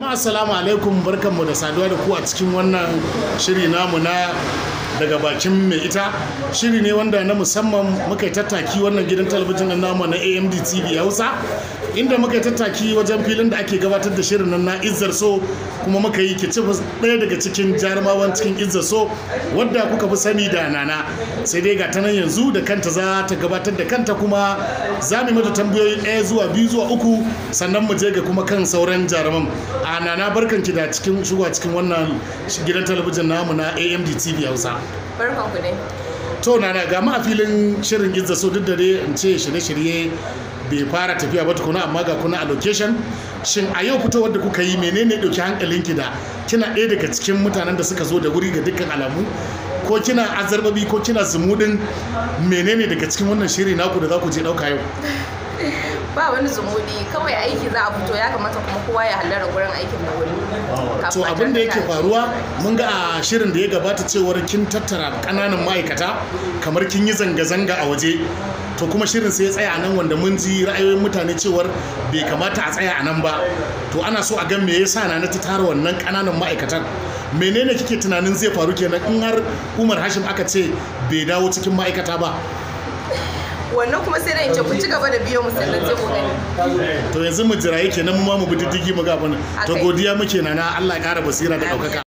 Assalamu alaikum barkanmu da saduwa da ku a cikin wannan shiri namu na daga bakin mai ita shiri ne wanda na musamman muka yi tattaki wannan gidan talabijin namu na AMD TV Hausa inda muka yi tattaki wajen filin da ake gabatar da shirin nan na izar So kuma muka yi kici ɗaya daga cikin jarumawan cikin Izzar So wadda kuka fi sani da Nana sai dai ga ta nan yanzu da kanta za ta gabatar da kanta kuma za mu mata tambayoyi ɗaya zuwa biyu zuwa uku sannan mu je ga kuma kan sauran jaruman a nana barkanki da cikin zuwa cikin wannan gidan talabijin namu na amd tv hausa barkanku ne to nana ga ma a filin shirin gizza so duk da dai in ce shirye-shirye bai fara tafiya ba tukuna amma ga kuna a location shin a yau fitowar da kuka yi menene dauki ki da kina ɗaya daga cikin mutanen da suka zo da wuri ga dukkan alamu ko kina azarbabi ko kina zumudin menene daga cikin wannan shiri naku da za ku je ɗauka yau ba wani zumudi kawai aiki za a fito ya kamata kuma kowa ya hallara gurin aikin da wuri to abin da yake faruwa mun ga a shirin da ya gabata cewar kin tattara kananan ma'aikata kamar kin yi zanga-zanga a waje to kuma shirin sai ya tsaya anan nan wanda mun ji ra'ayoyin mutane cewar bai kamata a tsaya a nan ba to ana so a ga me yasa na na ta tara wannan kananan ma'aikatan menene kike tunanin zai faru kenan in har Umar Hashim aka ce bai dawo cikin ma'aikata ba wannan kuma sai dai in ce ku ci gaba da biyo mu sannan ku gani to yanzu mu jira yake nan mu ma mu bi diddigi mu ga to godiya muke na Allah ya kara basira da daukaka